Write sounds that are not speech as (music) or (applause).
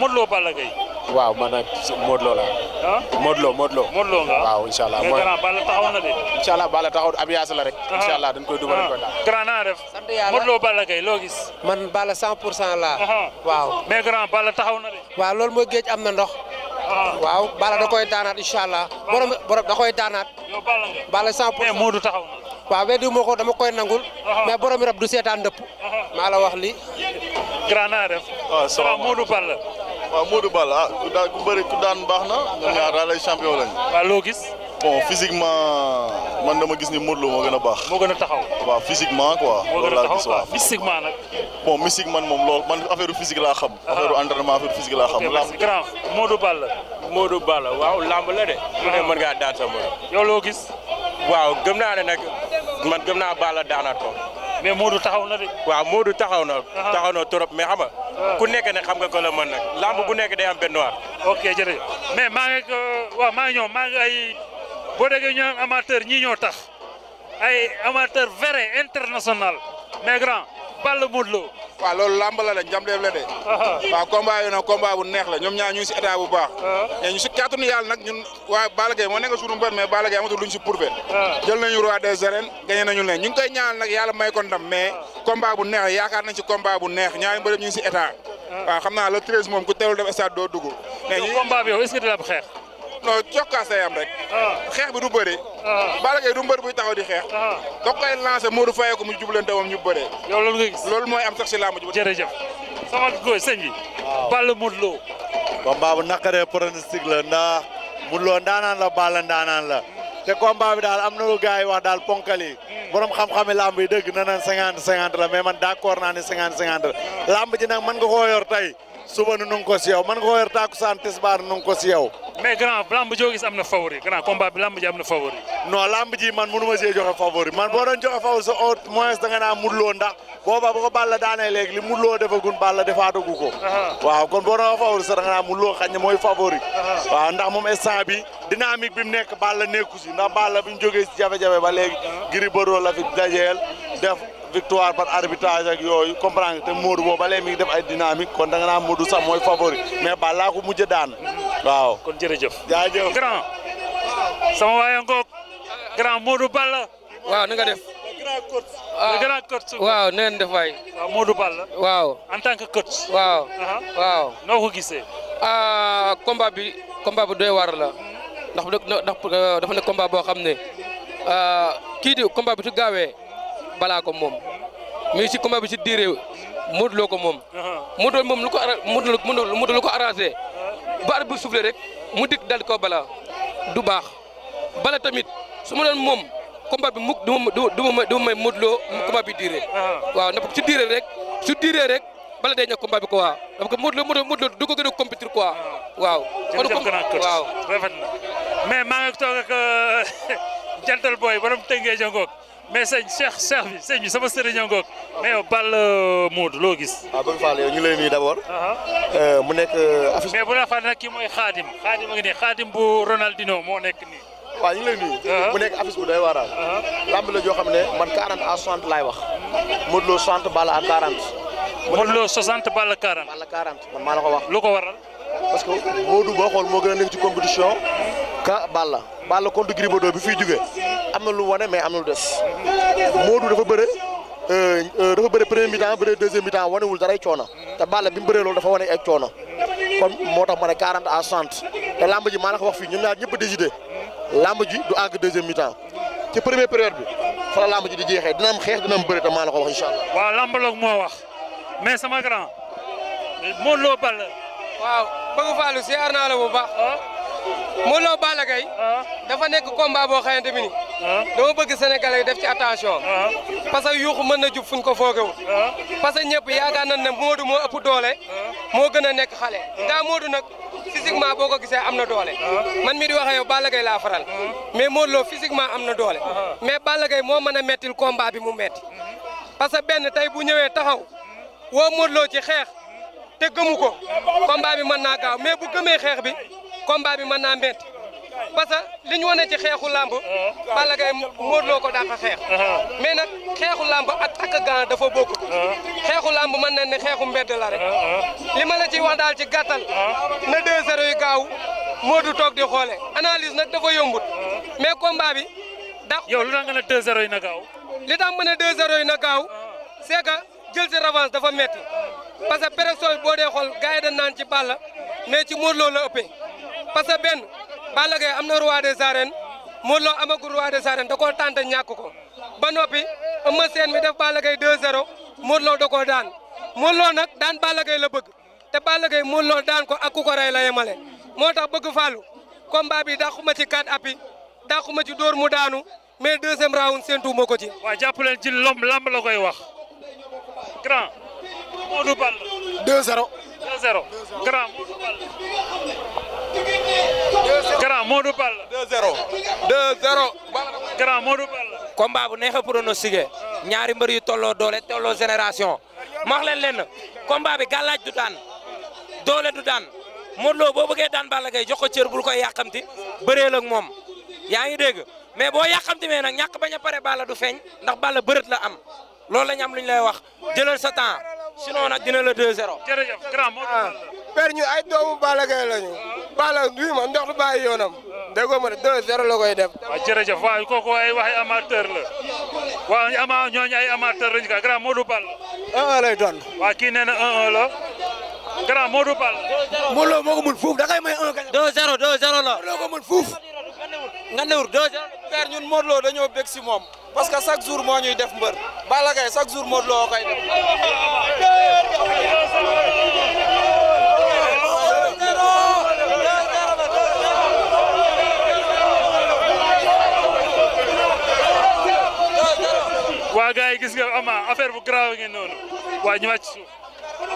Modou Lo Balla Gaye waaw man nag Modou Lo la ah Modou waaw incha allah Balla taxaw na de incha allah Balla taxaw am la rek ah. incha allah dañ koy dugal dañ koy daal ah. grand naa def sant yàlla Modou Lo Balla Gaye loo gis man Balla 100 pour cent la ah. waaw mais grand Balla taxaw na de waaw loolu mooy géej am na ndox waaw Balla da koy daanaat incha allah borom da koy daanaat yow Balla nga Balla 100 pour cent mais Modou taxaw na waaw weddi moo ko dama koy nangul mais borom rab du seetaan dëpp maa la wax li naa def waaw Modou Ball ah ku daan baax na ñoom ñaar daal ay champion lañ. loo gis. bon physiquement man dama gis ni Modou Lo moo gën a baax. moo gën a taxaw. waaw physiquement quoi. moo gën man moom lool man affaire physique laa xam. Ah. affaire entraînement affaire physique laa xam. lamb grand Modou la de. waaw mu ne ah. mën ngaa daan sa mën. loo gis. waaw gëm naa ne nag man gëm naa Ball daana toog. mais Modou taxaw na de. waaw Modou taxaw na. Ah. taxaw na trop mais xam ku nekk ne xam nga ko la mën nag bu nekk day am benn noir. ok jërëjëf mais maa ngi waaw maa ngi maa ngi ay boo déggee ñu amateur ñii ñoo tax ay amateur vrai international mais grand Balla Modou Lo waaw loolu làmb la de njamdeef la de (laughs) waaw combat yi bu neex la ñoom ñaar ñu ngi si état bu baax mais (laughs) ah. ñu si kàttanu yàlla nag ñun waa Balla moo nekk suñu mbër mais Balla Gaye amatul luñ si prouvé ah. jël nañu roi des arènes gagné nañu leen ñu ngi koy ñaanal nag yàlla may ko ndam mais ah. combat bu neex yaakaar nañ si combat bu neex ñaari mbërëm ñu si état waaw xam naa le 13 moom ku teewul dem stade doo dugg mais combat bi yow est-ce que dina xeex non cokkaasay am rek. Ah. xeex bi du bëri. Ah. Balla Gaye du mbër buy taxaw di xeex. Ah. da koy lancé Modou Faye ko mu jublante moom ñu bëree. yow mooy am sax si làmb ji. jërëjëf sama góor sëñ bi. waaw Balla Modou Lo. combat bu naqaree pronostic la ndax Modou Lo ndaanaan la Balla ndaanaan la. te combat bi daal am na lu gars wax daal ponkal yi borom xam-xami lamb i dëgg na nan cinquante cinquante la mais man d'accord naa ne cinquante cinquante la lamb ji nag mën nga koo yor suba nu ngi ko si yow man nga ko weer tàkkusaan tisbaar nu ngi ko si yow. mais grand lamb joo gis am na favori grand combat bi lamb ji am na favori. non lamb ji man mënu ma see joxe favori man boo doon joxe favori sa au moins danga naa mudloo ndax booba ba ko Balla daanee léegi li mudloo defagun Balla defaatagu ko. waaw kon boo doon favori sa danga naa mudloo xañ mooy favori. waaw ndax moom instant bi dynamique bi mu nekk Balla nekku si ndax Balla bi mu jógee si jafe ba léegi. Gris Bordeaux la victoire par arbitrage yooyu comprendre te Modou boobu mi def ay dynamique kon da nga naan Modou sax mooy favori mais Balla ko mujj daan sama waaye ngoog grand Modou Balla. waaw ni def. Ah. waaw nee def waay. waaw Modou waaw en tant que coach. waaw waaw. noo ko gisee. ah bi combat bu doy waar ndax ndax dafa ne boo xam ne ah, kii di bi su gaawee. balaa ko moom mais si combat bi si diire Modou ko moom. Modou Lo moom lu ko ara Modou Lo Modou Lo ko arrangé ba rek mu dikk dal ko bala du baax bala tamit su ma doon moom combat bi mukk du ma du ma du ma may bi diire. waaw ndax su diire rek su diire rek bala day ñëw combat bi quoi parce que Modou mu Modou Lo du ko gën a compétir quoi. waaw jërëjëf gannaaw waaw rafet na mais maa ngi toog ak jantal euh, (laughs) booy borom tënkee mais sëñ Cheikh Cheikh bi sëñ sama sëriñ a ngoog yow Bal Moodu loo gis. waaw bëgg faale yow ñu lay nuyu uh-huh. euh, mu nekk euh, affiche. mais bu la fàtte nag kii mooy xaadim xaadim a ngi nii xaadim bu Ronaldinho moo nekk nii. waaw ñu ngi uh-huh. mu nekk affiche bu day waaraal. Uh-huh. lamb la joo xam ne man 40 à 60 laay wax. Modou Lo 60 Balla a 40. Modou Lo 60 Balla 40. Balla 40 man maa la ko wax. lu ko waral. parce que Modou boo xool moo gën a nekk ci compétition ka Balla Balla contre Gris Bordeaux bi fiy jugee am na lu wane mais am na lu des Modou dafa bëre euh, euh, dafa bëre premier mi-temps bëre deuxième mi-temps wanewul dara ay coono te Balla bi mu dafa wane ay kon moo tax ma ne 40 à 60 te lamb ji maa la ko wax fii ñoom ñaar ñëpp a décidé lamb ji du àgg deuxième ci première période bi fa la lamb ji di jeexee dina am xeex dina am bëre te maa la ko wax incha allah. waaw lambaloog moo wax mais sama grand. Modou Lo Balla bëgg faalu siyaar naa la ba baax. Ah. Modou Lo Balla Gaye ah. dafa nekk combat boo xamante ni. Ah. dama bëgg Sénégalais def ci attention. parce que yuuxu mën na jub fuñ ko foogewul. parce que ñëpp yaakaar nañ ne Modou moo ëpp doole. moo gën a nekk xale. daa Modou nag physiquement boo ko gisee am na doole. man mi di waxee yow Balla Gaye laa faral. mais Modou Lo physiquement am na doole. mais Balla Gaye moo mën a mettil combat bi mu metti mm-hmm. parce benn tey bu ñëwee taxaw woo Modou Lo ci xeex. te gëmu ko combat bi mën naa gaaw mais bu gëmee xeex bi combat bi mën naa métti parce que li ñu wane ci xeexu làmb Balla Gaye Modou ko dàq xeex mais na xeexu làmb ak takk gan dafa bokk xeexu làmb mën na ne xeexu mbedd la rek li ma ci ciy daal ci gàttal na deux zéro gaaw Modou toog di xoole analyse nag dafa yombut mais combat bi dax yow lu tax nga ne yi na gaaw li tax ma ne yi na gaaw c'est jël si revanche dafa metti parce que pression bi boo dee xool gars yi naan ci Balla mais ci Modou loo la ëppee parce que benn Balla Gaye am na roi des arènes Modou Lo amagul roi des arènes da koo tànte ñàkk ko ba noppi Eumeu Sène mi def Balla Gaye 2-0 Modou Lo da koo daan Modou Lo nag daan Balla Gaye la bëgg te Balla Gaye Modou Lo daan ko ak ku la yemale moo tax bëgg fàllu combat bi dàquma ci quatre appuis dàquma ci dóor mu daanu mais deuxième round séntu ma ko ci. waaw jàpp leen ci lomb lamb la koy wax Modou du 2-0. 2-0 grand Modou Ball. 2-0 grand Modou Ball. bu neex a pronostiqué ñaari mbër yu tolloo doole tolloo génération ma wax leen lenn combat bi gàllaaj du daan doole du daan Modou Lo boo bëggee daan Balla Gaye jox ko cër bul koy yàqamti bëreel moom yaa ngi dégg mais boo yàqamti me na ñàkk baña pare bala du feeñ ndax Balla bërët la am loolu la ñu am lu lay wax jëlal sa temps. sinon nag dina la 2-0. jërëjëf grand moo ah, père ñu ay doomu Balla Gaye lañu. Ah. Balla bii ma ndox du bàyyi yoonam. Ah. déggoo de 2-0 la koy def. waaw jërëjëf waaw kooku ay waxi amateur la waaw ama ñooñu ay amateur lañu ka grand Modou Ball. 1-1 lay doon. waaw kii nee na 1-1 la. grand Modou Ball. 2-0 Modou moo ko mën fuuf da may 1 kañ. 2 la. Modou ñun Modou Lo dañoo bég si moom. parce que chaque jour moo ñuy def mbër. Balla Gaye chaque jour Modou Lo koy waa gars yi gis nga ama affaire bu grave ngeen noonu waa ñu wàcc suuf